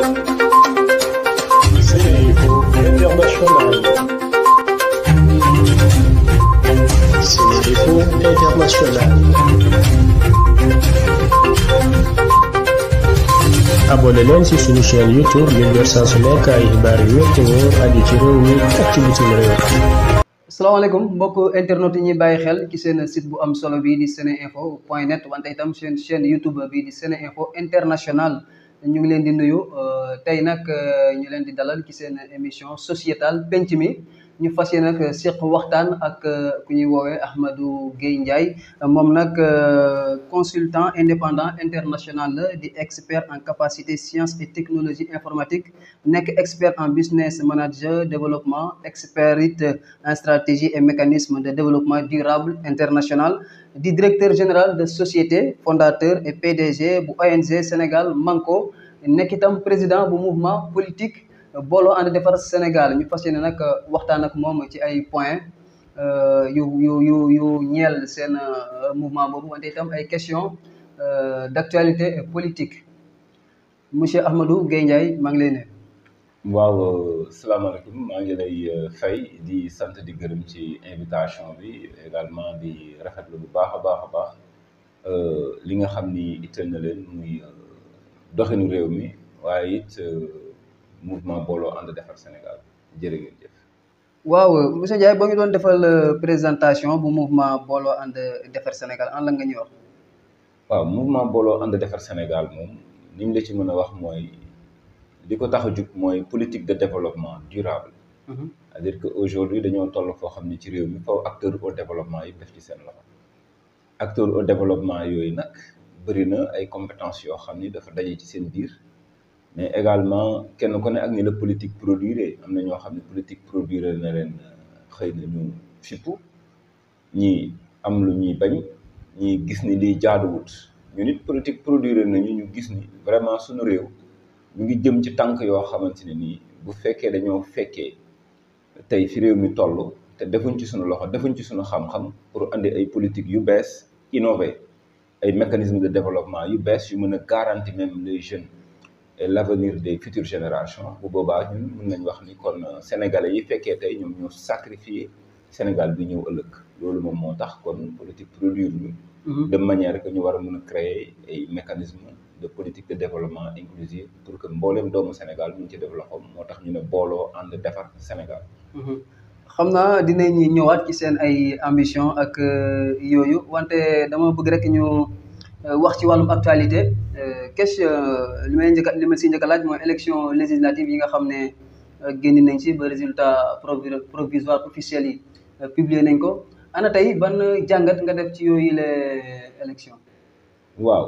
international. Sénéinfo International. abonné leen ci suñu YouTube ngir jot saa su nekk ay te wóor aju ci réew mi ak ci bitim réew. asalaamaaleykum mbokk internet yi bàyyi xel ci seen site bu am solo bii di Sénéinfo point net wante itam seen chaîne YouTube bii di Sénéinfo International. ñu ngi leen di nuyu euh, tey nag euh, ñu leen di dalal ci seen émission sociétale penc mi ñu fas yéene nag seq waxtaan ak euh, ku ñuy woowee Ahmadou Gueye Ndiaye moom nag euh, consultant indépendant international di expert en capacité sciences et technologie informatique nekk expert en business manager développement expert it en stratégie et mécanisme de développement durable international di directeur général de société fondateur et PDG bu ONG Sénégal Manko nekk itam président bu mouvement politique booloo ànd defar Sénégal ñu fas yéene nag waxtaan ak moom ci ay points euh, yu yu yu yu ñeel seen euh, mouvement boobu wante itam ay questions euh, d'actualité politique monsieur Ahmadou Guèye Ndiaye maa ngi lay nuyu. waaw salaamaaleykum maa ngi lay fay di sant di gërëm ci invitation bi également di rafetlu bu baax a baax a baax li nga xam ni itteel na leen muy doxinu réew mi waaye it. mouvement booloo ànd defar Sénégal jërë jëf. waaw monsieur Ndiaye boo ñu doon defal euh, présentation bu mouvement booloo ànd defar Sénégal an la nga ñuy wax. waaw mouvement booloo ànd defar Sénégal moom ni la ci mën a wax mooy li ko tax a jug mooy politique de développement durable. Mhm. c'est-à-dire que aujourd'hui dañoo toll foo xam ne ci réew mi faw acteur au développement yi def ci seen loxo acteur au développement yooyu nag bëri na ay compétence yoo xam ni dafa daje ci seen biir. mais également kenn ku ne ak ni la politique produire am na ñoo xam ne politique produire na leen euh, xëy na ñu fippu ñii am lu ñuy bañ ñii gis ni lii jaaduwut ñu nit politique produire nañu ñu gis ni vraiment suñu réew ñu ngi jëm ci tànk yoo xamante ne nii bu fekkee dañoo fekkee tey fi réew mi toll te defuñ ci suñu loxo defuñ ci suñu xam-xam pour andi ay politique yu bees innové ay mécanismes de développement yu bees yu mën a garantir même les jeunes l'avenir des futures générations bu boobaa ñun mën nañ wax ni kon euh, sénégalais yi fekkee tey ñoom ñoo sacrifié Sénégal bi ñëw lëkk loolu moom moo tax kon politique produire ñu mhm. de manière que ñu war a mën a créer ay mécanismes de politique de développement inclusif pour que mbooleem doomu Sénégal ñu ci développement moo tax ñu ne booloo ànd defar Sénégal mhm. xam naa dinañ ñëwaat ci seen ay ambition ak euh, yooyu wante dama bëgg rek ñu Euh, wax ci wàllum actualité euh, question euh, li may njëkk li ma si njëkk a laaj mooy élection législative yi nga xam ne génn nañ ci ba résultat provisoire officiel yi publier nañ ko ana tey ban jàngat nga def ci yooyu la élection waaw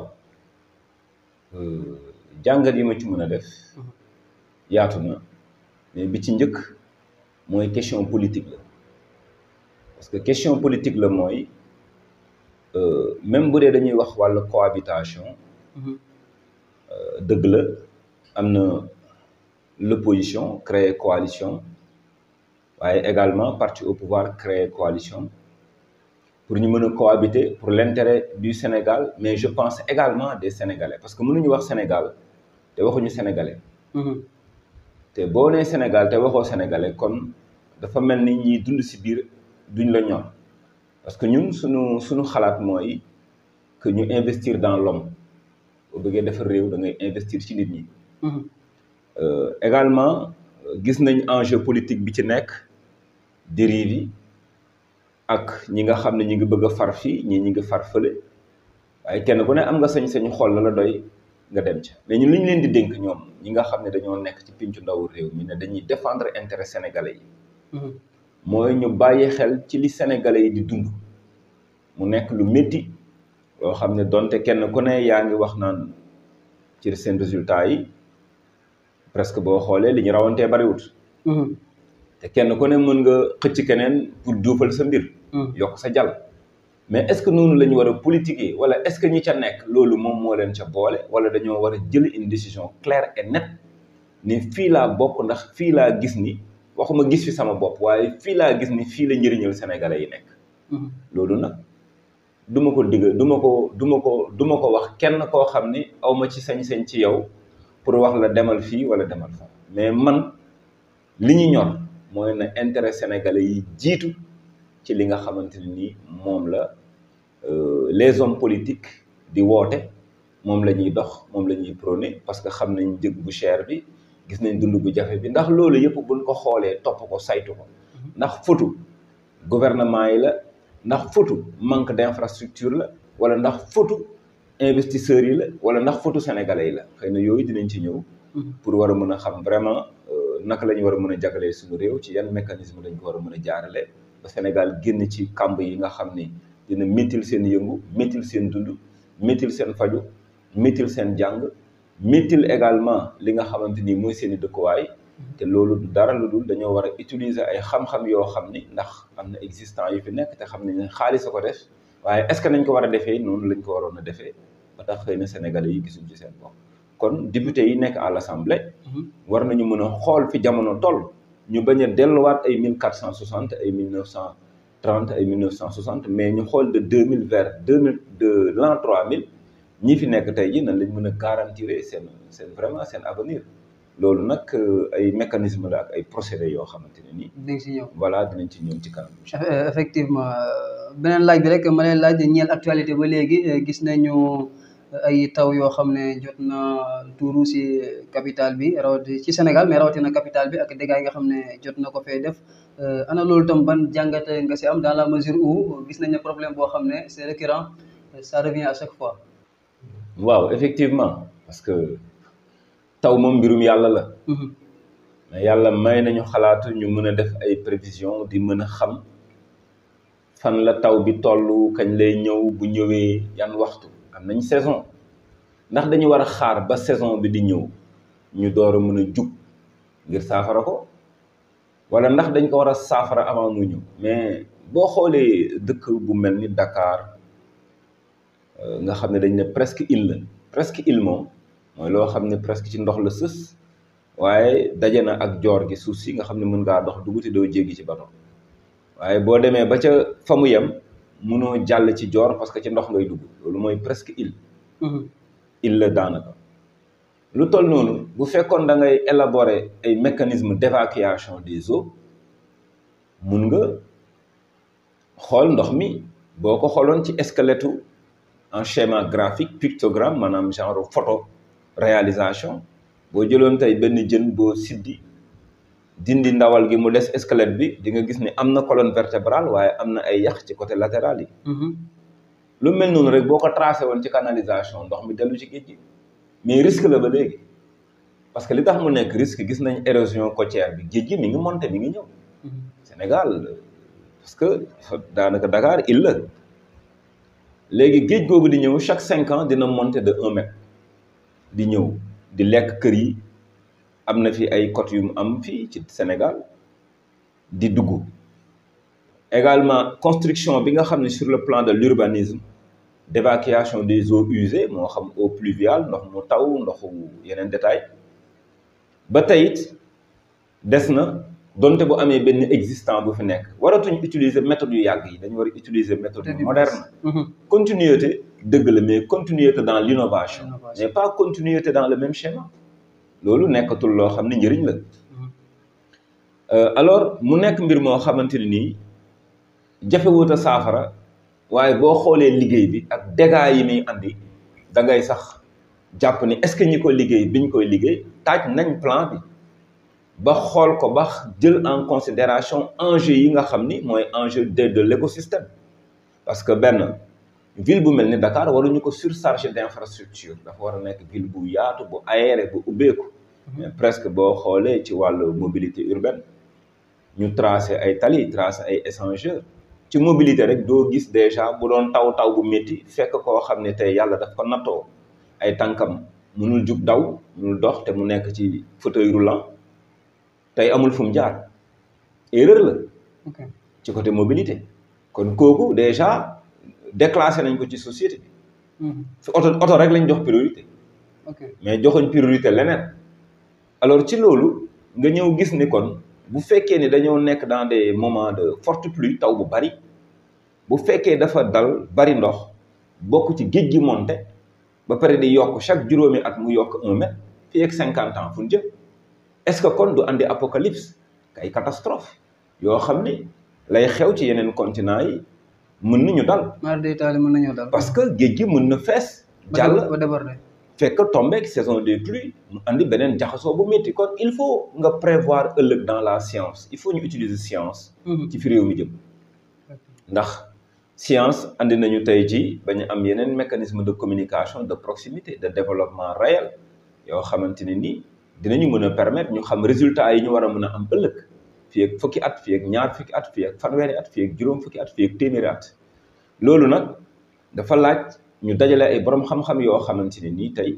jàngat yi ma ci mën a def yaatu mais bi ci njëkk mooy question politique la parce que question politique la mooy Euh, même bu dee dañuy wax wàllu cohabitation mhm. euh, dëgg la am na l'opposition créer coalition waaye également parti au pouvoir créer coalition pour ñu mën a cohabiter pour l'intérêt du Sénégal mais je pense également de Sénégalais parce que mënuñu wax Sénégal te waxuñu Sénégalais mhm. te boo nee Sénégal te waxoo Sénégalais kon dafa mel ni ñii dund ci biir duñ la ñor parce que ñun suñu suñu xalaat mooy que ñu investir dans l'homme boo bëggee defar réew da ngay investir ci nit ñi mm-hmm. euh, également gis nañ enjeu politique bi ci nekk dérive yi ak ñi nga xam ne ñi ngi bëgg a far fii ñi ñi ngi far fële waaye kenn ku ne am nga sañ-sañu xool la la doy nga dem ca mais ñun li ñu leen di dénk ñoom ñi nga xam ne dañoo nekk ci pincu ndawu réew mi ne dañuy défendre intérêt sénégale yi mm-hmm. mooy ñu bàyyi xel ci li sénégalais yi di dund mu nekk lu métti loo xam ne donte kenn ko ne yaa ngi wax naan ci seen résultat yi presque boo xoolee li ñu rawantee bariwut mhm. te kenn ku ne mën nga xëcc keneen pour duufal sa mbir mhm. yokk sa jal mais est-ce que noonu la ñu war a politiquer wala est-ce que ñi ca nekk loolu moom moo leen ca boole wala dañoo war a jël une décision claire et nette ni fii laa bokk ndax fii laa gis ni waxuma gis fi sama bopp waaye fii laa gis ni fii la njëriñal sénégalais yi nekk mhm. nag duma ko digg du ma ko du ma ko duma ko wax kenn koo xam ni aw ma ci sañ-sañ ci yow pour wax la demal fii wala demal fa mais man li ñu ñor mooy na intérêt sénégalais yi jiitu ci li nga xamante ne nii moom la euh, les hommes politiques di woote moom la ñuy dox moom la ñuy prôné parce que xam nañ njëg bu cher bi gis nañ dund bu jafe bi ndax loolu yëpp buñ ko xoolee topp ko saytu ko mm-hmm. ndax futu gouvernement yi la ndax footu manque d'infrastructure la wala ndax footu investisseurs yi la wala ndax footu sénégalais yi la xëy na yooyu dinañ ci ñëw. Mhm. pour war a mën a xam vraiment euh, naka la ñu war a mën a jagalee suñu réew ci yan mécanisme lañ ko war a mën a jaarale ba Sénégal génn ci kàmb yi nga xam ni dina mettil seen yëngu mettil seen dund mettil seen faju mettil seen jàng mettil également li nga xamante ni mooy seen i dëkkuwaay. te loolu dara lu dul dañoo war a utiliser ay xam-xam yoo xam ni ndax am na existant yu fi nekk te xam nañ ne xaalis a ko def waaye est-ce que nañ ko war a defee noonu lañ ko waroon a defee ba tax xëy na sénégalais yi gisuñ ci seen bopp kon député yi nekk à l'assemblée mhm. war nañu mën a xool fi jamono toll ñu bañ a delluwaat ay mille quatre cent soixante ay mille neuf cent trente ay mille neuf cent soixante mais ñu xool de deux mille vers deux mille de l'an trois mille ñi fi nekk tey ji nan lañ mën a garantir seen seen vraiment seen avenir loolu nag euh, ay mécanisme la ay procédé yoo xamante ne ni. dinañ si ñëw voilà dinañ ci ñëw ci kanam. Euh, effectivement euh, beneen laaj bi rek ma lay laaj ñeel actualité ba léegi gis nañu ay taw yoo xam ne jot na tuuru si capitale bi rawati ci Sénégal mais rawatina capitale bi ak dégâts yi nga xam ne jot na ko fee def ana loolu tam ban jàngat nga si am dans la mesure où gis nañ ne problème boo xam ne c'est récurrent ça revient à chaque fois. waaw effectivement parce que. taw moom mbirum yàlla la mm-hmm. mais yàlla may nañu xalaatu ñu mën a def ay prévision di mën a xam fan la taw bi toll kañ lay ñëw bu ñëwee yan waxtu am nañ saison ndax dañu war a xaar ba saison bi di ñëw ñu door a mën a jug ngir saafara ko wala ndax dañ ko war a saafara avant mu ñëw mais boo xoolee dëkk bu mel ni Dakar euh, nga xam ne dañ ne presque île la presque île moom mooy loo xam ne presque ci ndox la sës waaye daje na ak joor gi suuf yi nga xam ne mën ngaa dox dugg te doo jéggi ci bato waaye boo demee ba ca fa mu yem mënoo jàll ci joor parce que ci ndox ngay dugg loolu mooy presque il mhm. île la daanaka. lu toll noonu bu fekkoon da ngay élaborer ay mécanismes d'évacuation des eaux mun nga xool ndox mi boo ko xooloon ci squelette en schéma graphique pictogramme maanaam genre photo réalisation boo jëloon tey benn jën boo siddi dindi ndawal gi mu des squelette bi di nga gis ni am na colonne vertébrale waaye am na ay yax ci côté latéral yi mm-hmm. lu mel noonu rek boo ko tracé woon ci canalisation ndox mi dellu ci géej gi mais risque la ba léegi parce que li tax mu nekk risque gis nañ érosion côtière bi géej gi mi ngi monté mi ngi ñëw mm-hmm. Sénégal parce que daanaka Dakar il la léegi géej googu di ñëw chaque cinq ans dina monté de un mètre di ñëw di lekk kër yi am na fi ay côte yu mu am fii ci Sénégal di dugg également construction bi nga xam ne sur le plan de l'urbanisme d'évacuation des eaux usées moo xam eau pluviale ndox mu taw ndoxu yeneen détail ba tey des na donte bu amee benn existant bu fi nekk waratuñ utiliser méthode yu yàgg yi dañu war a utiliser méthode yu moderne mhm. continuité dëgg la mais continuité dans l'innovation mais pas continuité dans le même schéma loolu nekkatul loo xam ne njëriñ la mhm. euh, alors mu nekk mbir moo xamante ne nii jafewut a saafara waaye boo xoolee liggéey bi ak dégâts yi muy andi da ngay sax jàpp ni est-ce que ñi ko liggéey biñ koy liggéey taaj nañ plan bi ba xool ko ba jël en considération enjeu yi nga xam ni mooy enjeu de de l'écosystème parce que benn ville bu mel ni Dakar ñu ko sur surchargé d'infrastructure dafa war a nekk ville bu yaatu bu aéré bu ubbeeku mhm. mais presque boo xoolee ci wàllu mobilité urbaine ñu tracé ay tali tracé ay échangeurs ci mobilité rek doo gis déjà bu doon taw taw bu métti fekk koo xam ni tey yàlla daf ko nattoo ay tànkam mënul jub daw mënul dox te mu nekk ci fauteuil roulant tey amul fu mu jaar erreur la ci côté mobilité kon kooku déjà déclassé nañ ko ci société bi mhm. fi oto oto rek lañ jox priorité mais joxuñ priorité leneen alors ci loolu nga ñëw gis ni kon bu fekkee ni dañoo nekk dans des moment de forte pluie taw bu bari bu fekkee dafa dal bari ndox bokk ci géej gi monté ba pare di yokk chaque juróomi at mu yokk un mètre fii ak cinquante ans fu ñu est-ce que kon du andi apocalypse ay catastrophe yoo xam ni lay xew ci yeneen continent yi mun nañu dal. mar de Italie mën nañoo dal. parce que géej gi mën na fees. jàll ba déborder fekk tombeek saison des pluies mu andi beneen jaxasoo bu métti kon il faut nga prévoir ëllëg dans la science il faut ñu utiliser science. Mhm. ci fi réew mi jëm. ndax science andi nañu tey jii ba am yeneen mécanisme de communication de proximité de développement réel yoo xamante ne nii. dinañu mën a permettre ñu xam résultat yi ñu war a mën a am ëllëg fii ak fukki at fii ak ñaar fukki at fii ak fanweeri at fii ak juróom fukki at fii ak téeméeri at loolu nag dafa laaj ñu dajale ay borom xam-xam yoo xamante ne nii tey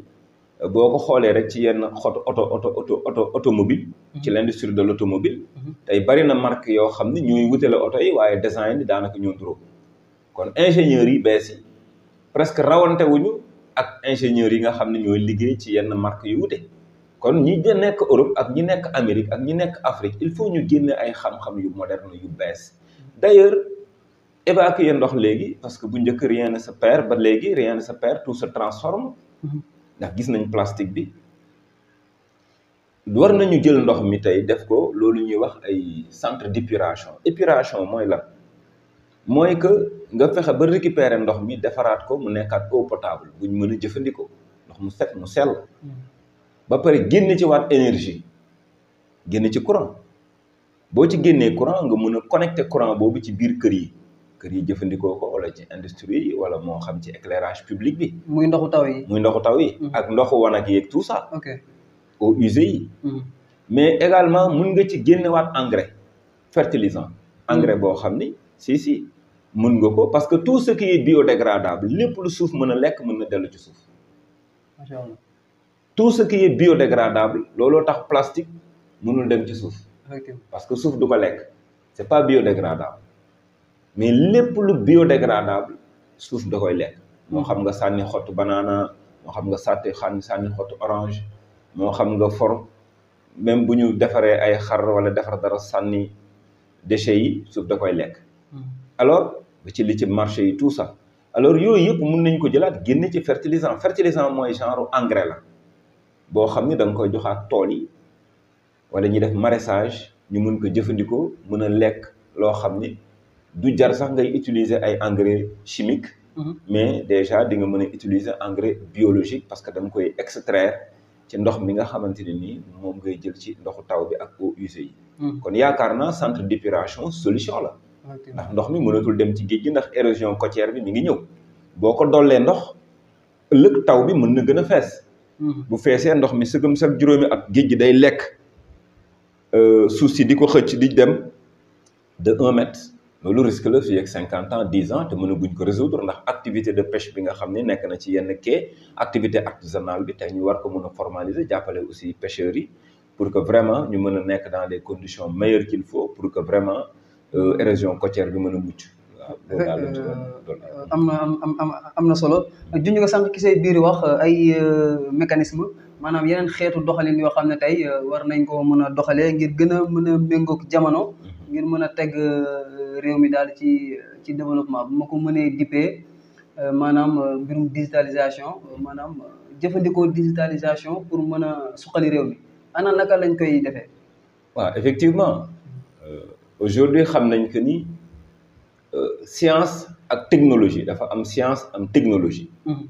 boo ko xoolee rek ci yenn xot oto oto oto oto automobile mm-hmm. ci l'industrie de l'automobile mm-hmm. tey bari na marque yoo xam ne ñuy wuteele oto yi waaye design yi daanaka ñoo duro kon ingénieurs yi bees yi presque rawantewuñu ak ingénieurs yi nga xam ne ñooy liggéey ci yenn marque yu wute kon ñi nekk Europe ak ñi nekk Amérique ak ñi nekk Afrique il faut ñu génne ay xam-xam yu moderne yu bees d'ailleurs évacuer ndox léegi parce que bu njëkk rien ne se perd ba léegi rien ne se perd tout se transforme mhm. ndax gis nañ plastique bi war nañu jël ndox mi tey def ko loolu ñuy wax ay centre d'épuration épiration mooy lan mooy que nga fexe ba récupérer ndox mi defaraat ko mu nekkaat eau potable bu mën a jëfandikoo ndox mu set mu sell mhm. ba pare génn ci waat énergie génn ci courant boo ci génnee courant nga mun a connecté courant boobu ci biir kër yi kër yi jëfandikoo ko wala ci industrie yi wala moo xam ci éclairage public bi. muy ndoxu taw yi. muy taw yi. Mm-hmm. ak ndoxu wanag yeeg tout ça. ok eaux usées yi. Mm-hmm. mais également mun nga ci génnewaat engrais fertilisant. Mm-hmm. engrais boo xam ni si si mun nga ko parce que tout ce qui est lépp lu suuf mën a lekk mën na dellu ci suuf. tout ce qui est biodégradable looloo tax plastique mënul dem ci suuf parce que suuf du ko lekk c'est pas biodégradable mais lépp lu biodégradable suuf da koy lekk moo xam nga sànni xottu banaana moo xam nga sàtte xànni sànni xottu orange moo xam nga for même bu ñu defaree ay xar wala defar dara sànni déchets yi suuf da koy lekk hmm. alors ba ci li ci marché yi tout ça alors yooyu yëpp mun nañ ko jëlaat génne ci fertilisant fertilisant mooy genre engrais la boo xam ni da nga koy joxaat tool yi wala ñuy def maraîchage ñu mën ko jëfandikoo mën a lekk loo xam ni du jar sax ngay utiliser ay engrais chimique mhm. mais déjà di nga mën a utiliser engrais biologique parce que da koy extraire ci ndox mi nga xamante ne nii moom ngay jël ci ndoxu taw bi ak eaux usées yi. Mhm. kon yaakaar naa centre d'épuration solution la. ndax ndox mi mënatul dem ci géej gi ndax érosion côtière bi mi ngi ñëw. boo ko dollee ndox ëllëg taw bi mën na gën a fees. Mhm. bu feesee ndox mi sëgëm sax juróomi ak géej gi day lekk euh, suuf si di ko xëcc di dem de un mètre loolu risque la fii ak cinquante ans dix ans te mënaguñ ko résoudre ndax activité de pêche bi nga xam ne nekk na ci yenn quai activité artisanale bi te ñu war ko mën a formaliser jàppale aussi pêcheurs yi pour que vraiment ñu mën a nekk dans des condition meilleures qu'il faut pour que vraiment euh, érosion côtière bi mën a mucc Euh, am na am am na solo junj nga sànq ki say biir wax euh, ay euh, mécanisme maanaam yeneen xeetu doxalin yoo xam ne tey war nañ ko mën a doxalee ngir gën a mën a méngoog jamono mhm. ngir mën a teg réew mi daal ci ci développement bu ma ko mënee dippee maanaam mbirum digitalisation maanaam jëfandikoo digitalisation pour mën a suqali réew mi ana naka lañ koy defee. waaw effectivement aujourd'hui xam nañ que ni. science ak technologie dafa am science am technologie. Hmm.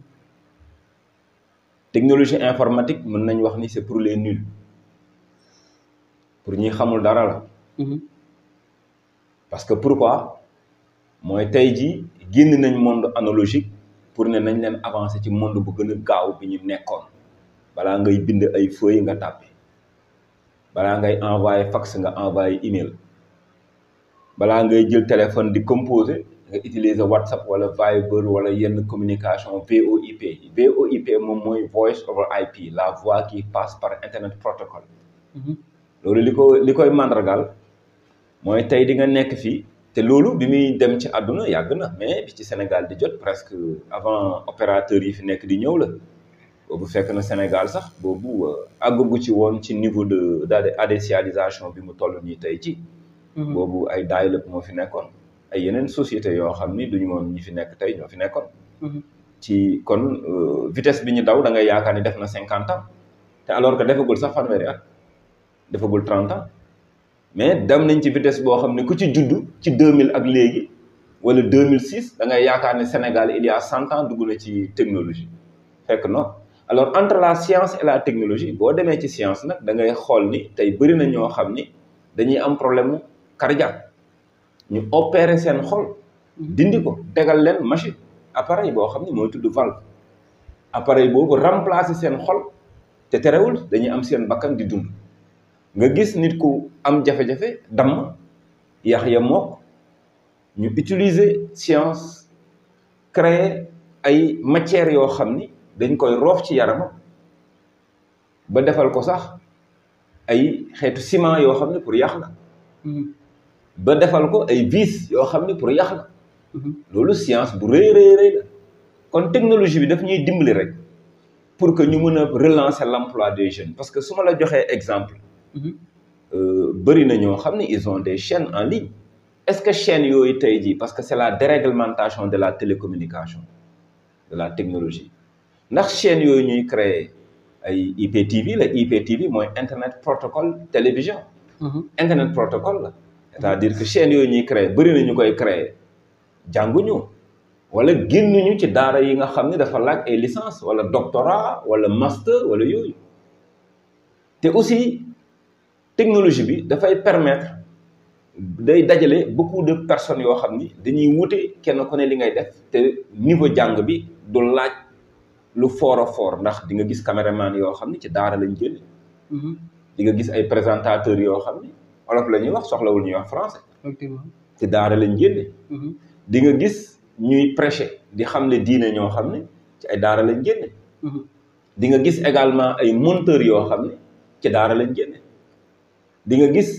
technologie informatique mën nañu wax ni c'est pour les nul pour ñi xamul dara la. Hmm. parce que pour pourquoi mooy tey jii génn nañ monde analogique pour ne nañ leen avancer ci monde bu gën a gaaw bi ñu nekkoon balaa ngay bind ay feuilles nga tàppe balaa ngay envoyer fax nga envoyer email. balaa ngay jël téléphone di composer nga utiliser WhatsApp wala Viber wala yenn communication VoIP VoIP moom mooy voice over IP la voix qui passe par internet protocol mhm. loolu li ko li koy màndargaal mooy tey di nga nekk fii te loolu bi muy dem ci àdduna yàgg na mais bi ci Sénégal di jot presque avant opérateur yi fi nekk di ñëw la boobu fekk na Sénégal sax boobu euh, àggagu ci woon ci niveau de d'adécialisation bi mu toll nii tey ci Mm-hmm. boobu ay daayilëp moo fi nekkoon ay yeneen société yoo xam ni du ñu moom ñi fi nekk tey ñoo fi nekkoon mm-hmm. ci kon euh, vitesse bi ñu daw da ngay yaakaar ni def na cinquante ans te alors que defagul sax fanweeri at defagul trente ans mais dem nañ ci vitesse boo xam ne ku ci judd ci deux mille ak léegi wala deux mille six da ngay yaakaar ne Sénégal il y a cent ans dugg na ci technologie fekk non alors entre la science et la technologie boo demee ci science nag da ngay xool ni tey bëri na ñoo xam ni dañuy am problème cardiaque ñu opere seen xol dindi ko tegal leen machine appareil boo xam ne mooy tudd valve appareil boobu remplacer seen xol te terewul dañuy am seen bakkan di dund nga gis nit ku am jafe-jafe damm yax ya mokk ñu utiliser science créer ay matières yoo xam ni dañ koy roof ci yaramam ba defal ko sax ay xeetu ciment yoo xam ne pour yàq la hmm. ba defal ko ay vis yoo xam ni pour yàq la mhm. loolu science bu rëy rëy rëy la kon technologie bi daf ñuy dimbali rek pour que ñu mën a relancer l'emploi des jeunes parce que su ma la joxee exemple mhm. euh, bëri na ñoo xam ne ils ont des chaînes en ligne est-ce que chaîne yooyu tey jii parce que c'est la déréglementation de la télécommunication de la technologie ndax chaîne yooyu ñuy créer ay IPTV la IPTV mooy internet protocole télévision mhm. internet protocole la cest dire que chaîne yooyu ñuy créer bëri na ñu koy créer jànguñu wala génnuñu ci daara yi nga xam ne dafa laaj ay licence wala doctorat wala master wala yooyu te aussi technologie bi dafay permettre day dajale beaucoup de personnes yoo xam ni dañuy wute kenn ku ne li ngay def te niveau jàng bi du laaj lu fort a fort ndax di nga gis caméraman yoo xam ni ci daara lañu jël mhm. di nga gis ay présentateurs yoo xam ni olof la ñuy wax soxlawul ñuy wax français. effectivement ci daara lañ génne. Mhm. di nga gis ñuy prêcher di xam ne diine ñoo xam ne ci ay daara lañ génne. Mhm. di nga gis également ay monteurs yoo xam ne ci daara lañ génne. di nga gis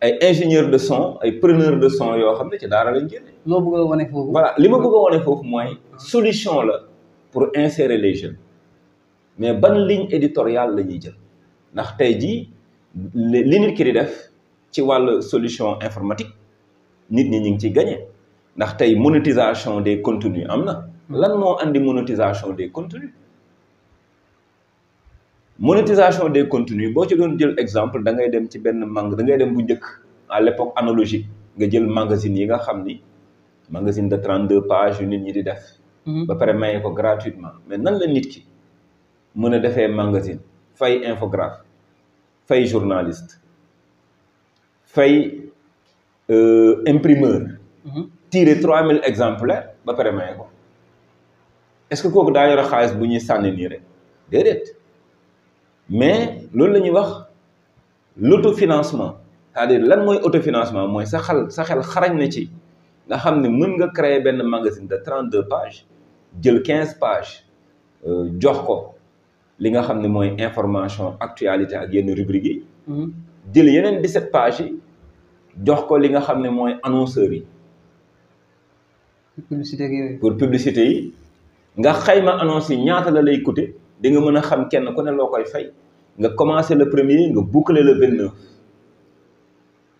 ay ingénieur de son ay preneur de son yoo xam ne ci daara lañ génne. loo bëgg a wane foofu. li ma bëgg a wane foofu mooy mhm. solution la pour insérer les jeunes mais ban ligne éditoriale la ñuy jël ndax tey jii li nit ki di def. ci wàll solution informatique nit ñi ñu ngi ciy gagné ndax tey monétisation des contenus am na. lan moo indi monétisation des contenus monétisation des contenus boo ci doon jël exemple da ngay dem ci benn mang da ngay dem bu njëkk à l'époque analogique nga jël magazine yi nga xam ni magazine de 32 pages yu nit ñi di def. Mhm. ba pare maye ko gratuitement mais nan la nit ki mën a defee magazine fay infographe fay journaliste. fay euh, imprimeur. Mhm. tirer 3000 exemplaires ba pare maye ko est-ce que kooku daa yore xaalis bu ñuy sànni nii rek déedéet mais loolu la ñuy wax l'autofinancement financement à dire lan mooy auto financement mooy sa xel xarañ na ci nga xam ne mën nga créer benn magazine de 32 pages jël 15 pages euh, jox ko li nga xam ne mooy information actualité ak yenn rubrique yi. Mhm. jël yeneen 17 pages yi. jox ko li nga xam ne mooy annonceurs yi. publicité yooyu. pour publicité yi nga xayma annonce yi ñaata la lay coûter di nga mën a xam kenn ku ne loo koy fay nga commencé le premier nga boucler la vingt neuf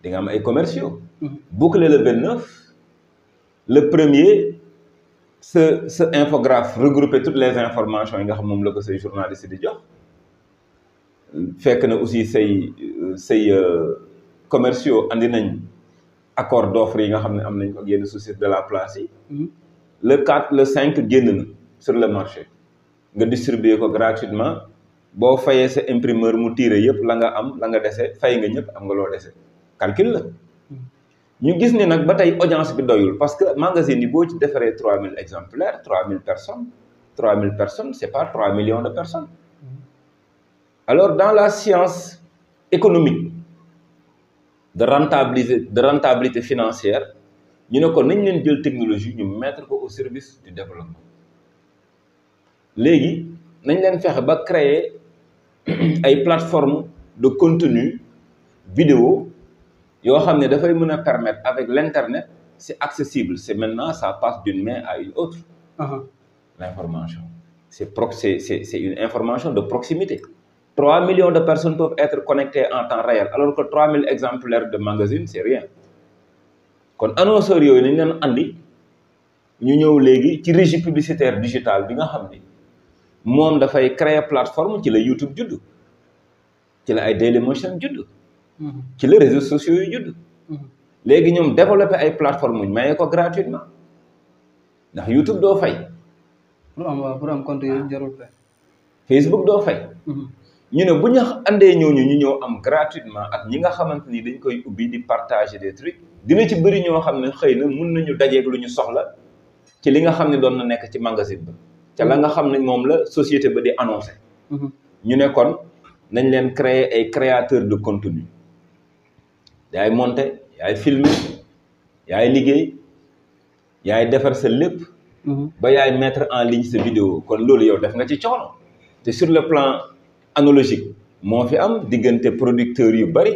nga am ay commerciaux. Mm-hmm. boucler la vingt neuf le premier. sa sa infographe regrouper toutes les informations yi nga xam moom la ko say journaliste di jox fekk na aussi say euh, say euh, commerciaux andi nañ accord d'offre yi nga xam ne am nañ ko ak yenn société de la place yi mm-hmm. le quatre le cinq génn na sur le marché nga distribuer ko gratuitement boo fayee sa imprimeur mu tiire yëpp la nga am la nga desee fay nga ñëpp am nga loo dese calcul la mm-hmm. ñu gis ne nag ba tey audience bi doyul parce que magazine yi boo ci defaree trois mille exemplaires trois mille personnes trois mille personnes c'est par trois millions de personnes mm-hmm. alors dans la science économique de rentabiliser rentabilité financière ñu ne ko nañu leen jël technologie ñu mettre ko au service du développement léegi nañ leen fexe ba créer ay plateformes de contenu vidéo yoo xam ne dafay mën a permettre avec l'internet c'est accessible c'est maintenant ça passe d'une main à une autre. Uh-huh. l'information c'est pro c'est c'est c'est une information de proximité. 3 millions de personnes peuvent être connectées en temps réel alors que 3000 exemplaires de magazine c'est rien kon annonceurs yooyu nañ leen andi ñu ñëw léegi ci régie publicitaire digitale bi nga xam ni moom dafay créer plateforme ci la YouTube judd ci la ay Dailymotion judd ci la réseaux sociaux yu léegi ñoom développé ay plateforme ñu ko gratuitement ndax YouTube doo fay pour am pour am compte yooyu jarul Facebook doo fay mhm. ñu ne bu ñu àndee ñooñu ñu ñëw am gratuitement ak ñi nga xamante ni dañ koy ubbi di partager des trucs dina ci bëri ñoo xam ne xëy na mun nañu dajeeg lu ñu soxla ci li nga xam ne doon na nekk ci magasin ba ca la nga xam ne moom la société ba di annoncé. Mhm. ñu ne kon nañ leen créer ay créateur de contenu yaay monter yaay filmer yaay liggéey yaay defar sa lépp. Mhm. ba yaay mettre en ligne sa vidéo kon loolu yow def nga ci coono te sur le plan. analogique moo fi am diggante producteurs yu bari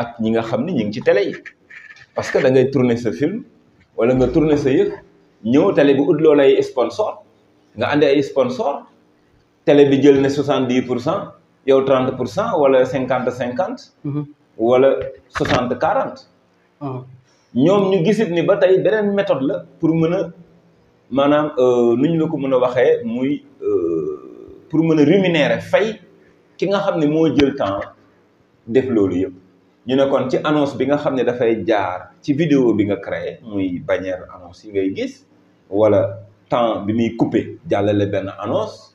ak ñi nga xam ni ñu ngi ci télé yi parce que da ngay tourner sa film wala nga tourner sa yëf ñëw télé bi ut loolu ay sponsor nga àndi ay sponsor télé bi jël ne soixante dix pour cent yow trente pour cent wala cinquante cinquante mhm. wala soixante quarante ah. ñoom ñu gisit ni ba tey beneen méthode la pour mën a maanaam euh, nu ñu la ko mën a waxee muy euh, pour mën a rémunérer fay ki nga xam ne moo jël temps def loolu yëpp ñu ne kon ci annonce bi nga xam ne dafay jaar ci vidéo bi nga créé muy bannière annonce yi ngay gis wala temps bi muy coupé jàllale benn annonce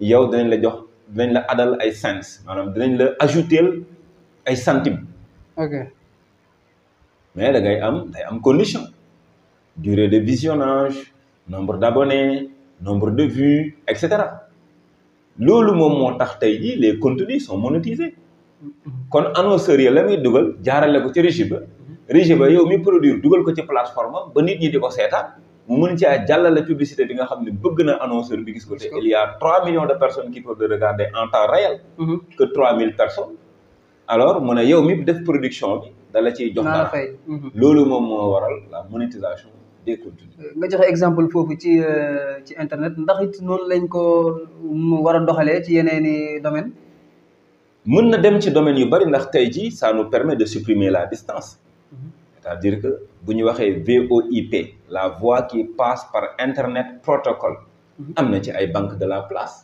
yow dinañ la jox dinañ la adal ay cents maanaam dinañ la ajouter ay centimes. ok mais da ngay am day am condition durée de visionnage nombre d'abonnés nombre de vues et cetera. loolu moom moo tax tey jii les contenus sont monétisés kon annonceurs yi la muy dugal jaarale ko ci régie ba régie ba yow mi produire dugal ko ci plateforme ba nit ñi di ko seetaan mu mën ci a jàllale publicité bi nga xam ne bëgg na annonceur bi gis ko ci il y a trois millions de personnes qui peuvent regarder en temps réel mm-hmm. que trois mille personnes alors mun a yow mi def production bi dala ciy jox dara mm-hmm. loolu moom moo waral la monétisation day nga joxe exemple foofu ci euh, ci internet ndax it noonu lañ ko war a doxalee ci yeneen i domaine mën na dem ci domaine yu bari ndax tey jii ça nous permet de supprimer la distance mm-hmm. c'est-à-dire que bu ñu waxee VoIP la voie qui passe par internet protocole mm-hmm. am na ci ay banque de la place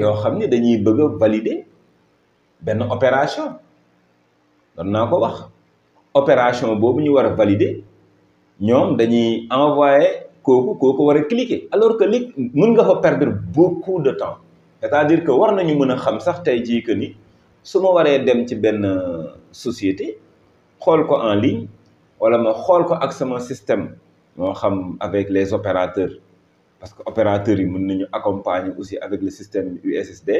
yoo xam ne dañuy bëgg a valider benn opération doon naa ko wax opération boobu ñu war a valider ñoom dañuy envoyé kooku kooku war a cliquer alors que li mun nga fa perdre beaucoup de temps cest dire que war nañu mën a xam sax tey jii que ni su ma waree dem ci benn euh, société xool ko en ligne wala ma xool ko ak sama système moo xam avec les opérateurs parce que opérateurs yi mun nañu accompagner aussi avec le système USSD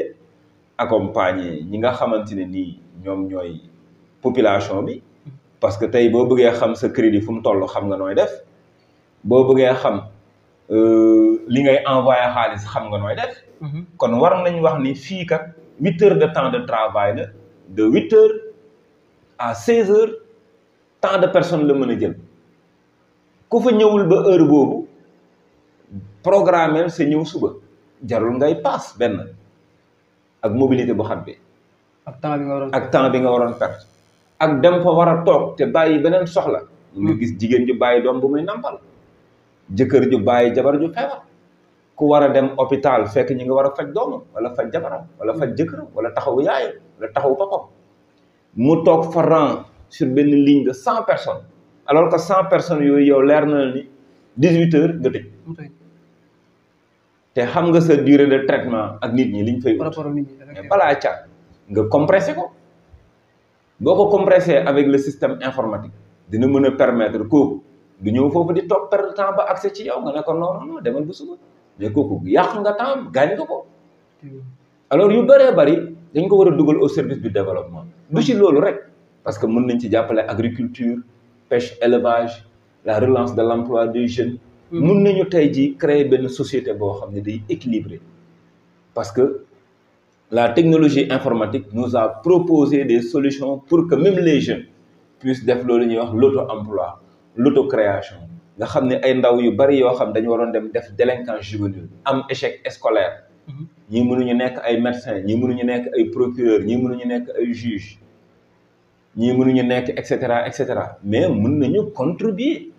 accompagner ñi nga xamante ne nii ñoom ñooy population bi parce que tey boo bëggee xam sa crédit fu mu toll xam nga nooy def boo bëggee xam euh, li ngay envoyé xaalis xam nga nooy def. Mhm. kon waroon nañ wax ni fii kat huit heures de temps de travail la de huit heures à seize heures tant de personne la mën a jël ku fa ñëwul ba heure boobu programmeel sa ñëw suba jarul ngay paas benn ak mobilité bu xat bi. ak temps bi nga waroon ak temps bi nga waroon perte. ak dem fa war a toog te bàyyi beneen soxla mm. nga gis jigéen ju bàyyi doom bu muy nampal jëkkër ju bàyyi jabar ju feebar ku war a dem hôpital fekk ñi nga war a faj doomam wala faj jabaram wala faj mm. jëkkëram wala taxaw yaayam wala taxaw papam mu toog fa rang sur benn ligne de cent personne alors que cent personnes yooyu yow leer na la ni dix-huit nga tëj te xam nga sa dure de traitement ak nit ñi liñ fay ut mais balaa ca nga compressé ko boo ko compressé avec le système informatique dina mën a permettre kooku du ñëw foofu di toog perdre temps ba accès ci yow nga ne ko non non demal bu suba mais kooku yàq nga temps gaañ nga ko. alors yu bëree bëri dañ ko war a dugal au service bi développement du ci loolu rek parce que mën nañ ci jàppale agriculture pêche élevage la relance de l' emploi jeune mun mm. nañu tey jii créer benn société boo xam ne day équilibré parce que. la technologie informatique nous a proposé des solutions pour que même les jeunes puissent def loolu ñuy wax l'auto-emploi création nga xam ne ay ndaw yu bari yoo xam dañu waroon dem def délinquance juvénile am échec scolaire mhm. ñii mënuñu nekk ay médecins ñii mënuñu nekk ay procureurs ñii mënuñu nekk ay juges ñii munuñu nekk et cetera et cetera mais mën nañu contribuer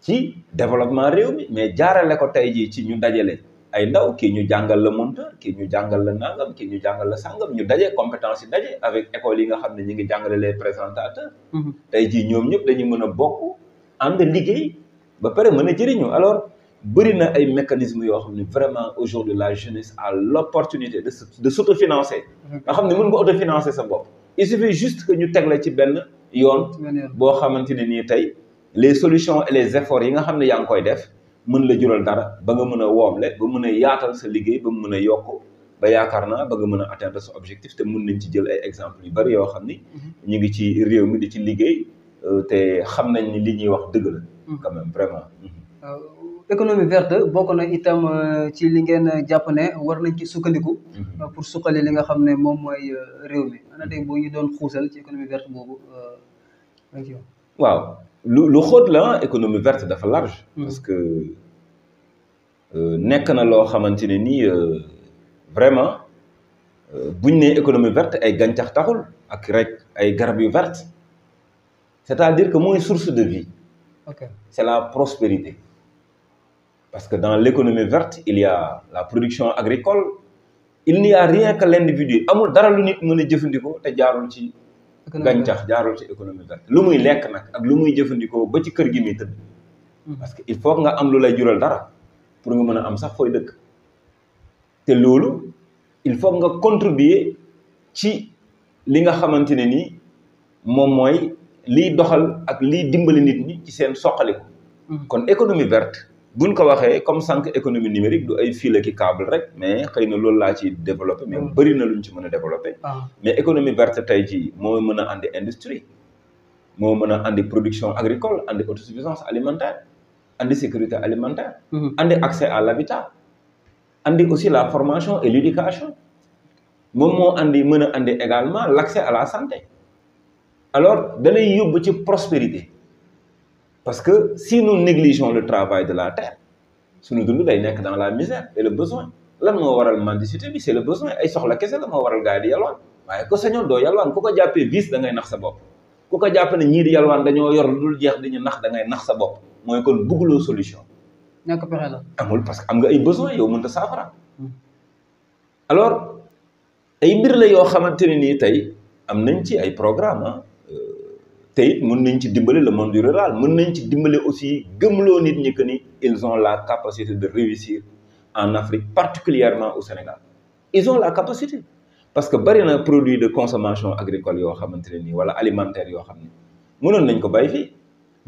ci développement réew mi mais jaarale ko tey jii ci ñu dajale ay ndaw kii ñu jàngal la monteur kii ñu jàngal la nangam kii ñu jàngal la sangam ñu daje compétence yi daje avec école yi nga xam ne ñu ngi jàngale les présentateurs mhm. tey jii ñoom ñëpp dañu mën a bokk ànd liggéey ba pare mën a jëriñu alors bëri na ay mécanismes yoo xam ne vraiment aujourd'hui la jeunesse a l'opportunité de de s'autofinancer nga xam ne mën nga autofinancer sa bopp il suffit juste que ñu teg la ci benn yoon boo xamante ne nii tey les solutions et les efforts yi nga xam ne yaa ngi koy def mën la jural dara ba nga mën a woomle ba mën a yaatal sa liggéey ba mu mën a yokk ba yaakaar naa ba nga mën a atteindre sa objectif te mën nañ ci jël ay exemple yu bari yoo xam ni mhm. ñu ngi ci réew mi di ci liggéey euh, te xam nañ ni li ñuy wax dëgg la mhm. quand même vraiment mhm. euh, économie verte bokk na itam euh, ci li ngeen jàpp ne war nañ ci sukkandiku pour suqali li nga xam ne moom mooy réew mi ana boo ñu doon xuusal ci économie verte boobu waaw lu lu xóot la économie verte dafa large. Mm. parce que euh, nekk na loo xamante ne nii euh, vraiment euh, buñ ne économie verte ay gàncax taxul ak rek ay garab yu verte c'est-à-dire que mooy source de vie. ok c'est la prospérité. Parce que dans l'économie verte, il y la production agricole. Il n'y a rien que l'individu. Il n'y a te jaarul ci gàncax jaarul ci économie verte lu muy lekk nag ak lu muy jëfandikoo ba ci kër gi muy tëdd hmm. parce que il faut nga am lu lay jural dara pour nga mën a am sax fooy dëkk te loolu il faut nga contribuer ci li nga xamante ne nii moom mooy liy doxal ak liy dimbali nit ñi ci seen soqaliku hmm. kon économie vert bu buñ ko waxee comme sànq économie numérique du ay fil ki cable rek mais xëy na loolu laa ci développé mais mm. bëri na luñ ci mën a développé ah. mais économie verte tey jii moo mën a andi industrie moo mën a andi production agricole andi autosuffisance alimentaire andi sécurité alimentaire mm-hmm. andi accès à l'habitat andi aussi la formation et l'éducation moom moo indi mën a andi également l'accès à la santé alors dalay yóbbu ci prospérité parce que si nous négligeons le travail de la terre suñu dund day nekk dans la misère et le besoin la moo waral mendicité bi c'est le besoin ay soxla kese la moo waral gars yi di yalwaan waaye ko sañoon doo yalwaan ku ko jàppee vice da ngay nax sa bopp ku ko jàpp ne ñii yalwaan dañoo yor lu dul jeex dañu nax dangay nax sa bopp mooy kon bugguloo solution. ñàkk pexe amul parce que am nga ay besoin yow mënut a saafara. Hmm. alors ay mbir la yoo xamante ne nii tey am nañ ci ay programme ah. te mun nañ ci dimbale le monde rural mën nañ ci dimbale aussi gëmloo nit ñi que ni ils ont la capacité de réussir en Afrique particulièrement au Sénégal ils ont la capacité parce que bari na produit de consommation agricole yoo xamante ne nii wala alimentaire yoo xam ne mënoon nañ ko bay fii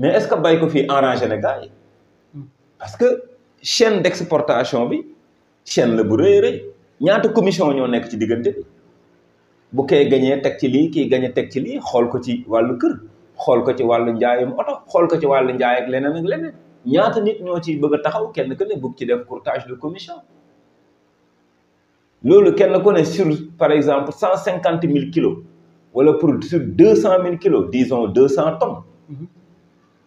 mais est-ce que bay ko fii enrangé na gars parce que chaîne d'exportation bi chaîne la bu rëy rëy ñaata commission ñoo nekk ci diggante bu kee gañee teg ci lii kii gañee teg ci lii xool ko ci wàllu kër xool ko ci wàllu njaayum oto xool ko ci wàllu njaay ak leneen ak leneen ñaata nit ñoo ciy bëgg a taxaw kenn ku ne bëgg ci def courtage de commission loolu kenn ku ne sur par exemple cent cinquante mille kilo wala pour sur deux cent mille kilos disons deux cent tonnes mm-hmm.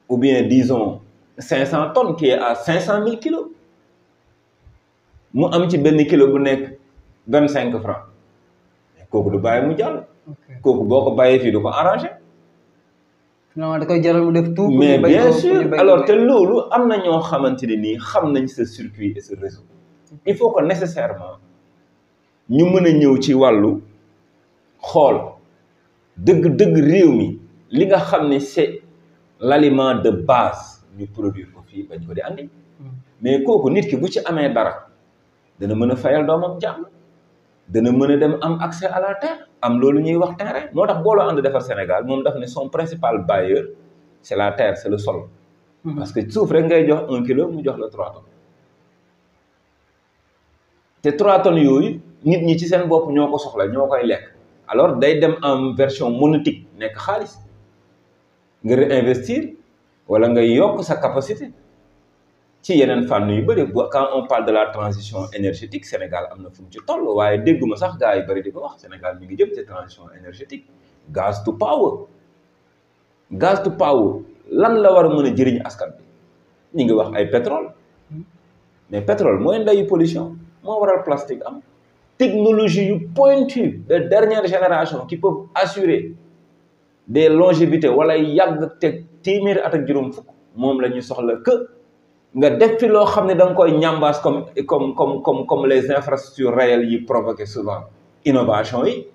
ou bien disons cinq cent tonnes ki est à cinq cent mille kilos mu am ci benn kilo bu nekk vingt cinq francs kooku du bàyyi mu jàll kooku boo ko bàyyee fii du ko arrangé non da koy jaral mu mais bien sûr alors te loolu am na ñoo xamante ne nii xam nañ ce circuit et ce réseau. il faut que nécessairement ñu mën a ñëw ci wàllu xool dëgg-dëgg réew mi li nga xam ni c'est l'aliment de base ñu produit ko fii bañ ko di andi. mais kooku nit ki bu ci amee dara dana mën a fayal doomam jàmm dana mën a dem am accès à la terre. am loolu ñuy wax terrain moo tax booloo ànd defar Sénégal moom daf ne son principal bailleur c' est la terre c' est le sol. Hmm. parce que suuf rek ngay jox un kilo mu jox la trois tonnes. te trois tonnes yooyu nit ñi ci seen bopp ñoo ko soxla ñoo koy lekk alors day dem en version monétique nekk xaalis nga réinvestir wala nga yokk sa capacité. ci yeneen fànn yu bëri bu quand on parle de la transition énergétique Sénégal am na fu mu ci toll waaye dégguma sax gars yu bëri di ko wax Sénégal mi ngi jëm ci transition énergétique gaz to power gaz to power lan la war a mën a jëriñ askan bi ñu ngi wax ay pétrole mais pétrole mooy ndayu pollution moo waral plastique am technologie yu pointu de dernière génération qui peuvent assurer des longévités wala yàgg te téeméeri at ak juróom fukk moom la ñu soxla que nga def fi loo xam ne da nga koy ñambaas comme comme comme comme comme les infrastructures réelles yi provoqué souvent innovation yi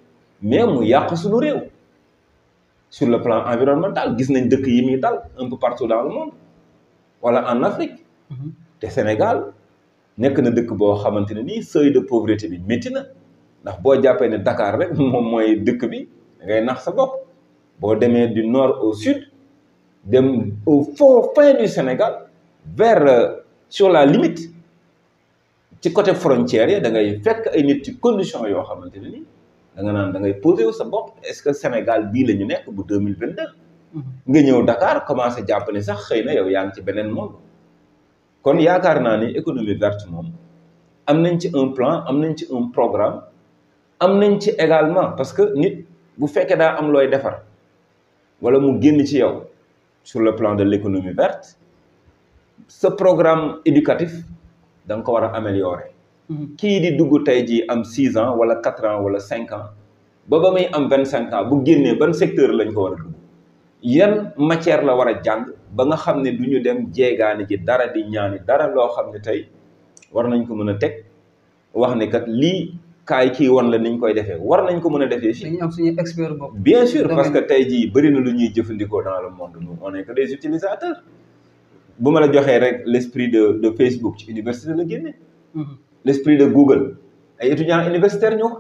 mais mu yàq suñu réew sur le plan environnemental gis nañ dëkk yi muy dal un peu partout dans le monde wala en Afrique mhm. te Sénégal nekk na dëkk boo xamante ne nii seuil de pauvreté bi métti na ndax boo jàppee ne Dakar rek moom mooy dëkk bi da ngay sa bopp boo demee du nord au sud dem au fond fin du Sénégal vers euh, sur la limite ci côté frontière yi da ngay fekk ay nit ci condition yoo xamante ne ni da nga naan da ngay posé wu sa bopp est-ce que Sénégal bii la ñu nekk bu deux mille vingt deux mhm. nga ñëw Dakar commencé jàpp sax xëy na yow yaa ngi ci beneen moom kon yaakaar naa ni économie vert moom am nañ ci un plan am nañ ci un programme am nañ ci également parce que nit bu fekkee daa am looy defar wala mu génn ci yow sur le plan de l'économie verte sa programme éducatif da nga ko war a améliorer. Hmm. kii di dugg tey jii am 6 ans wala quatre ans wala 5 ans ba ba muy am 25 ans bu génnee ban secteur lañ ko war a dugg yan matière la war a jàng ba nga xam ne du ñu dem jeegaani ji dara di ñaani dara loo xam ne tey war nañ ko mën a teg wax ne kat lii kaay kii wan la niñ koy defee war nañ ko mën a defee fii. dañuy am suñu expert bopp. bien sûr parce que tey jii bëri na lu ñuy jëfandikoo dans le monde nous on est que bu ma la joxee rek l' esprit de de Facebook ci université la génne. Mhm. l' esprit de Google ay étudiants universitaires ñoo ko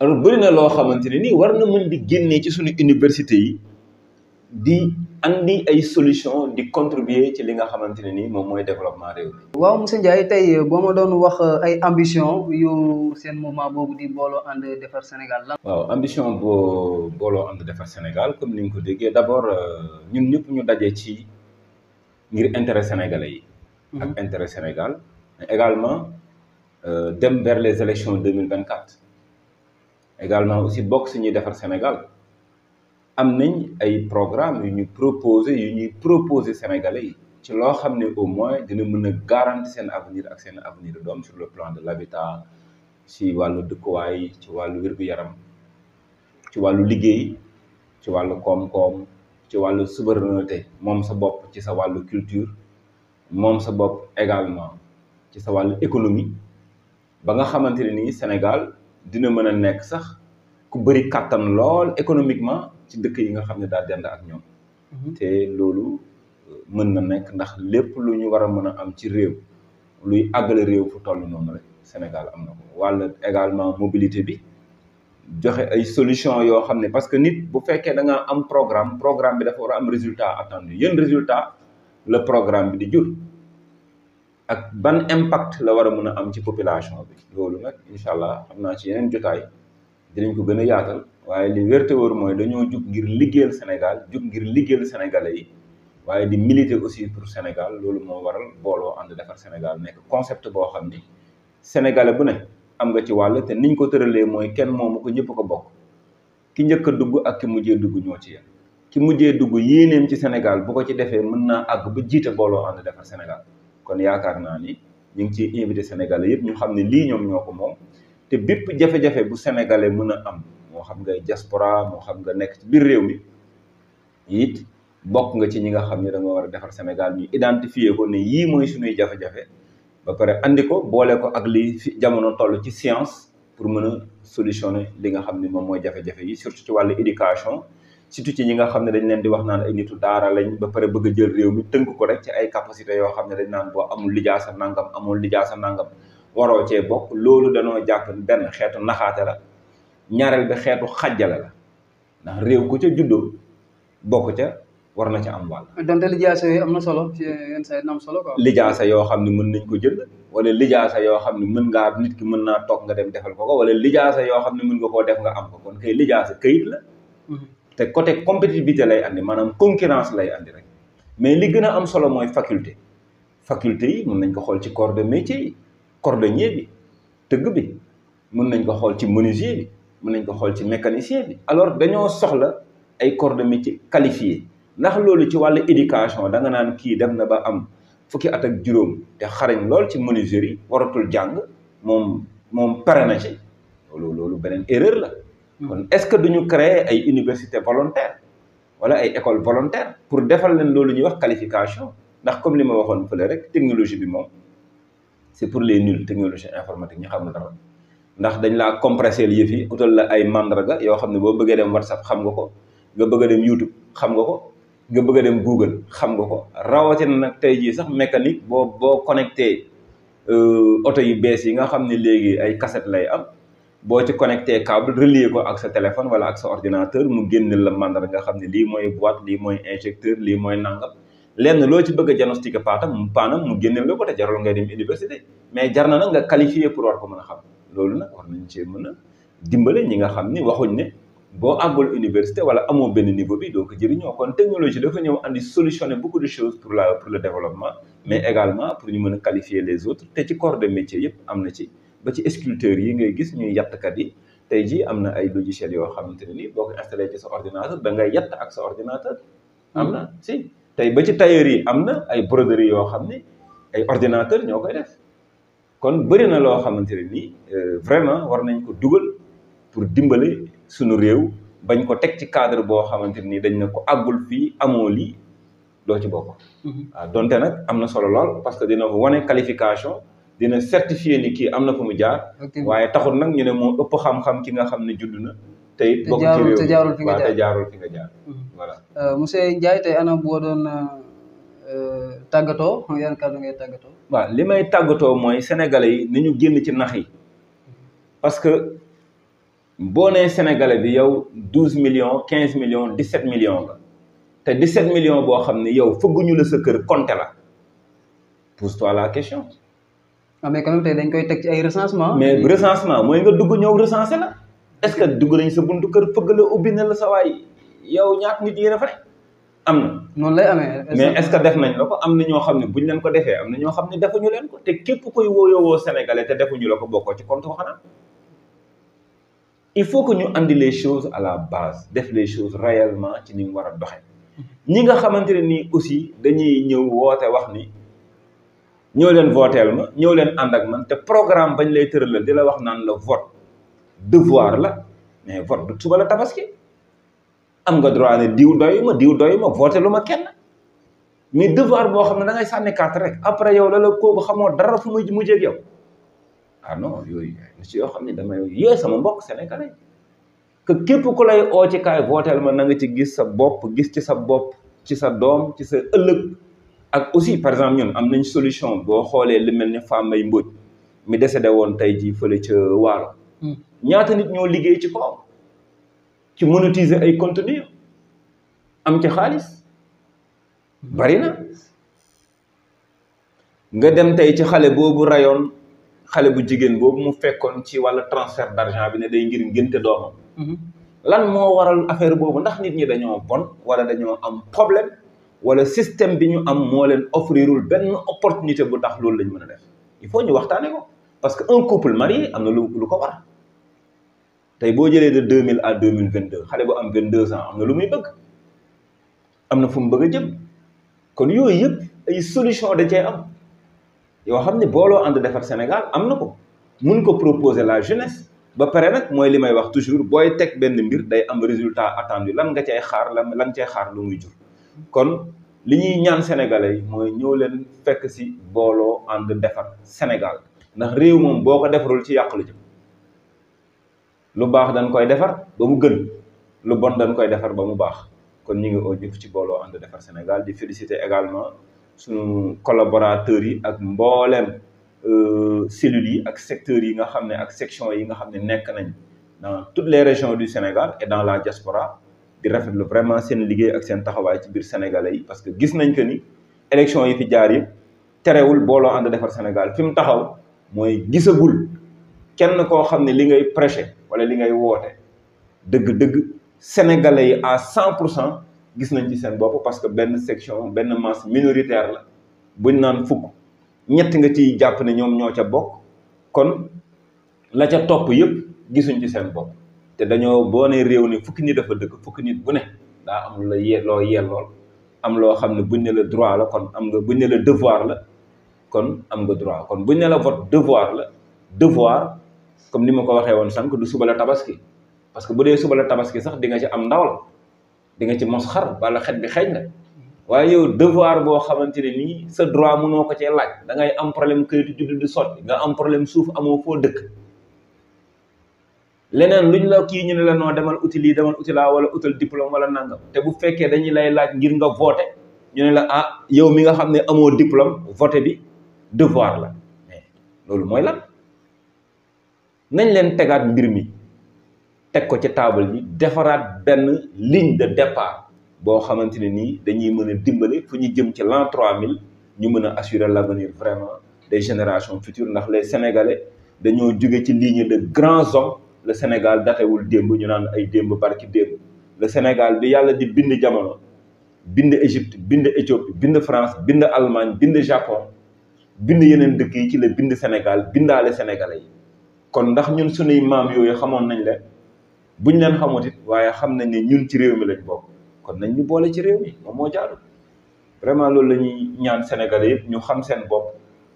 alors bëri na loo xamante ne nii war na mën di génnee ci suñu université yi di andi ay solution di contribuer ci li nga xamante ne nii moom mooy développement réew mi. waaw monsieur Ndiaye tey boo ma doon wax euh, ay ambition yu seen moment boobu di booloo ànd defar Sénégal lan. waaw ambition boo booloo ànd defar Sénégal comme ni nga ko déggee d' abord euh, ñun ñëpp ñu daje ci. ngir intérêt sénégalais yi. Mhm. ak intérêt Sénégal mais également euh, dem vers les élections deux mille vingt quatre également aussi bokk si ñuy defar Sénégal am nañ ay programmes yu ñu proposé yu ñuy proposé sénégalais yi. ci loo xam ne au moins dina mun na garantir seen avenir ak seen avenir doom sur le plan de l'habitat ci wàllu dëkkuwaay ci wàllu wér yaram ci wàllu liggéey ci wàllu koom-koom. ci wàllu souveraineté moom sa bopp ci sa wàllu culture moom sa bopp également ci sa wàll économie ba nga xamante ne nii Sénégal dina mën a nekk sax ku bëri kàttan lool économiquement ci dëkk yi nga xam ne daa dend ak ñoom mhm. te loolu euh, mën na nekk ndax lépp lu ñu war a mën a am ci réew luy àggale réew fu toll noonu rek Sénégal am na ko wàll également mobilité bi joxe ay solution yoo xam ne parce que nit bu fekkee dangaa am programme programme bi dafa war a am résultat attendu yéen résultat la programme bi di jur ak ban impact la war a mun a am ci population bi loolu nag incha allah xam naa ci yeneen jotaay dinañ ko gën a yaatal waaye li wér te mooy dañoo jug ngir liggéeyal Sénégal jug ngir liggéeyal Sénégalais yi waaye di militer aussi pour Sénégal loolu moo waral booloo ànd defar Sénégal nekk concept boo xam ni sénégalais bu ne. am nga ci wàll te niñ ko tëralee mooy kenn moomu ko ñëpp ko bokk ki njëkk a dugg ak ki mujjee dugg ñoo ci yem ki mujjee dugg yéeneem ci Sénégal bu ko ci defee mën naa àgg ba jiite booloo ànd defar Sénégal kon yaakaar naa ni ñu ngi ciy invité Sénégalais yëpp ñu xam ne lii ñoom ñoo ko moom te bépp jafe bu Sénégalais mën a am moo xam ngay diaspora moo xam nga nekk ci biir réew mi it bokk nga ci ñi nga xam ne da war a defar Sénégal ñu identifier ko ne yii mooy suñuy jafe-jafe ba pare indi ko boole ko ak li jamono toll ci science pour mën a solutionner li nga xam ne moom mooy jafe-jafe yi surtout ci wàllu éducation surtout ci ñi nga xam ne dañ leen di wax naan ay nitu daara lañ ba pare bëgg a jël réew mi tënk ko rek ci ay capacité yoo xam ne dañ naan boo amul lijaa sa nangam amul lijaa sa nangam waroo cee bokk loolu danoo jàpp benn xeetu naxaate la ñaareel bi xeetu xajjale la ndax réew ku ca juddoo bokk ca war na ci am wàll. donte lijaasa yooyu am na solo ci yenn saa solo quoi. lijaasa yoo xam ne mën nañ ko jënd wala lijaasa yoo xam ne mën ngaa nit ki mën naa toog nga dem defal ko ko wala lijaasa yoo xam ne mën nga koo def nga am ko kon kay lijaasa kayit la. Mhm. te côté compétitivité lay andi maanaam concurrence lay andi rek mais li gën a am solo mooy faculté faculté yi mën nañ ko xool ci corps de métier yi cordonnier bi tëgg bi mën nañ ko xool ci menuisier bi mën nañ ko xool ci mécanicien bi alors dañoo soxla ay corps de métier ndax loolu ci wàll éducation da nga naan kii dem na ba am fukki at ak juróom te xarañ lool ci yi waratul jàng moom moom pare ci loolu loolu beneen erreur la. Hmm. kon est-ce que du ñu créer ay université volontaire wala ay école volontaire pour defal leen loolu ñuy wax qualification ndax comme li ma waxoon fële rek technologie bi moom c'est pour les nuls technologie informatique ñu xamul dara ndax dañ laa compressé yëf yi utal la ay mandarga yoo xam ne boo bëggee dem WhatsApp xam nga ko nga bëgg dem YouTube xam ko. nga bëgg a dem Google xam nga ko rawatina nag tey jii sax mécanique boo boo connecté euh, oto yi bees yi nga xam ni léegi ay cassette lay am boo ci connecté câble relier ko ak sa téléphone wala ak sa ordinateur mu génne la mandat nga xam ne lii mooy boîte lii mooy injecteur lii mooy nangam lenn loo ci bëgg a diagnostiqué paatam mu paanam mu génne la ko te jarul ngay dem université mais jar na nag nga qualifié pour war ko mën a xam loolu nag war nañ cee mën dimbale ñi nga xam ni waxuñ ne. boo àggul université wala amoo benn niveau bi doo ko jëriñoo kon technologie dafa ñëw andi solutionner beaucoup de choses pour la pour le développement mais également pour ñu mën a qualifier les autres te ci corps de métier yëpp am na ci ba ci sculpteurs yi ngay gis ñuy yattkat yi tey jii am na ay logiciels yoo xamante ne ni boo ko installé ci sa ordinateur da ngay yatt ak sa ordinateur am na si tey ba ci tailleur yi am na ay broderie yoo xam ne ay ordinateur ñoo koy bëri na loo xamante ne nii euh, vraiment war nañ ko dugal pour dimbale sunu réew bañ ko teg ci cadre boo xamante nii dañ ne ko àggul fii amoo lii doo ci bokk. Mhm. donte nag am na solo lool parce que dina wane qualification dina certifier ni kii am na fu mu jaar. waaye taxul nag ñu ne moo ëpp xam-xam ki nga xam ne judd na. tey it bokk ci réew te jaarul fi nga jaar mhm. euh, monsieur Ndiaye tey anam boo doon euh, tàggatoo yan kàddu ngay tàggatoo. li may tàggatoo mooy sénégal yi ni ñu génn ci nax yi mhm. parce que. boo nee sénégalais bi yow douze million quinze millions dix sept millions nga te dix sept million boo xam ne yow fëgguñu la sa kër compté la pose toi la question. ah mais quand même tey dañ koy teg ci ay recensement. mais recensement mooy nga dugg ñëw recensé la est ce que dugg nañ sa buntu kër fëgg la ubbi na la sa waay yow ñaat nit yéen a fa am na. noonu lay amee. mais est def nañ la ko am na ñoo xam ne buñ leen ko defee am na ñoo xam ne defuñu leen ko te képp koy wooyoo woo sénégalais te defuñu la ko bokkoo ci compte ko il faut que ñu andi les choses à la base def les choses réellement ci ni mu war a doxe ñi nga xamante ne nii aussi dañuy ñëw woote wax ni ñëw leen votel ma ñëw leen ànd ak man te programme bañ lay tëralal di la wax naan la vote devoir la mais vote du suba la tabaski am nga droit ne diw doyu ma diw doyu ma voté lu ma kenn mais devoir boo xam ne dangay ngay sànni carte rek après yow la la kooku xamoo dara fu muy mujjee ak yow ah non yooyu si yoo xam ne damay yee sama mbokk sénégalais que képp ku lay oo ci kaay vooteel ma na nga ci gis sa bopp gis ci sa bopp ci sa doom ci sa ëllëg ak aussi par exemple ñun am nañ solution boo xoolee lu mel ni Fambaye Mbodj mi décédé woon tey jii fële ci Waalo hmm. ñaata nit ñoo liggéey ci ko ci monétiser ay contenu am ci xaalis bari na nga dem tey ci xale boobu rayoon xale bu jigéen boobu mu fekkoon ci wàllu transfert d'argent bi ne day ngir ngénte doomam. Mhm. lan moo waral affaire boobu ndax nit ñi dañoo bon wala dañoo am problème wala système bi ñu am moo leen offrirul benn opportunité bu tax loolu lañ mën a def il faut ñu waxtaane ko parce que un couple marié am na lu lu ko war tey boo jëlee de deux mille à deux mille vingt deux xale bu am vingt deux ans am na lu muy bëgg am na fu mu bëgg a jëm kon yooyu yëpp ay solution da cee am. yoo xam ne booloo ànd defar Sénégal am na ko mun ko proposer la jeunesse ba pare nag mooy li may wax toujours booy teg benn mbir day am résultat attendu lan nga cay xaar lan lan cay xaar lu muy jur kon li ñuy ñaan sénégalais yi mooy ñëw leen fekk si booloo ànd defar Sénégal ndax réew moom boo ko defarul ci yàq lu jëm lu baax dañ koy defar ba mu gën lu bon dañ koy defar ba mu baax kon ñu ngi oo jëf ci booloo ànd defar Sénégal di féliciter également sunu collaborateurs yi ak mbooleem euh, cellules yi ak secteurs yi nga xam ne ak sections yi nga xam ne nekk nañ dans toutes les régions du Sénégal et dans la diaspora di rafetlu vraiment seen liggéey ak seen taxawaay ci biir sénégalais yi parce que gis nañ que ni élection yi fi jaar yi terewul booloo ànd defar Sénégal fi mu taxaw mooy gisagul kenn koo xam ne li ngay prêcher wala li ngay woote dëgg-dëgg sénégalais yi à cent pour cent gis nañ ci seen bopp parce que benn section benn masse minoritaire la buñ naan fukk ñett nga ciy jàpp ne ñoom ñoo ca bokk kon la ca topp yëpp gisuñ ci seen bopp te dañoo boo nee réew ni fukki nit dafa dëkk fukki nit bu ne daa am la ye loo yellool am loo xam ne buñ ne la droit la kon am nga buñ ne la devoir la kon am nga droit kon buñ ne la vote devoir la devoir comme ni ma ko waxee woon sànq du suba la tabaski parce que bu dee suba la tabaski sax di nga ci am ndawal di nga ci mos xar wala xet bi xeeñ na waaye yow devoir boo xamante ne nii sa droit mënoo ko cee laaj da ngay am problème këyitu juddu di sotti nga am problème suuf amoo foo dëkk leneen luñ la kii ñu ne la noo demal uti lii demal uti laa wala utal diplôme wala nangam te bu fekkee dañuy lay laaj ngir nga voté ñu ne la ah yow mi nga xam ne amoo diplôme voté bi devoir la loolu mooy lan nañ leen tegaat mbir mi teg ko ci taabal yi defaraat benn ligne de départ boo xamante ne nii dañuy mën a dimbale fu ñu jëm ci l'an mille ñu mën a assurer l'avenir vraiment des générations futures ndax les sénégalais dañoo jóge ci ligne de grands hommes le Sénégal datewul démb ñu naan ay démb barki démb le Sénégal bi yàlla di bind jamono bind Égypte bind Éthiopie bind France bind Allemagne bind Japon bind yeneen dëkk yi ci la bind Sénégal bindaale sénégalais yi kon ndax ñun sunuy maam yooyu xamoon nañ leen. buñ leen xamut it waaye xam nañ ne ñun ci réew mi lañ bokk kon nañ ñu boole ci réew mi moom moo jaadu vraiment loolu la ñuy ñaan Sénégalais yëpp ñu xam seen bopp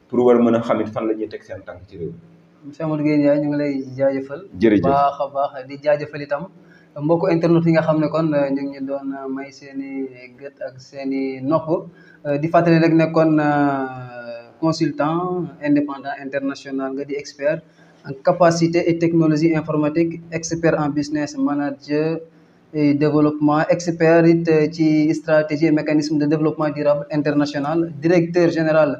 pour war mën a xam it fan la ñuy teg seen tànk ci réew mi. Monsieur Amadou Guèye Ndiaye ñu ngi lay jaajëfal. jërëjëf baax baax di jaajëfal itam mbokku internet yi nga xam ne kon ñu ngi ñu doon may seen i gët ak seen i nopp di fàttali rek ne kon euh, consultant indépendant international nga di expert. capacité et technologie informatique expert en business manager développement expert it euh, ci stratégie et mécanisme de développement durable international directeur général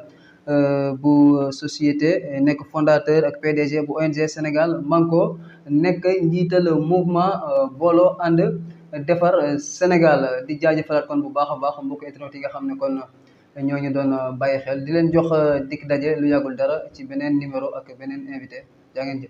euh, bu euh, société nekk fondateur ak PDG bu ONG Sénégal Manko nekk njiital mouvement booloo ànd defar Sénégal di jaajëfalaat kon bu baax a baax mbokk internautes yi nga xam ne kon ñooñu doon bàyyi xel di leen jox dikk daje lu yàggul dara ci beneen numéro ak beneen invité jaa ngeen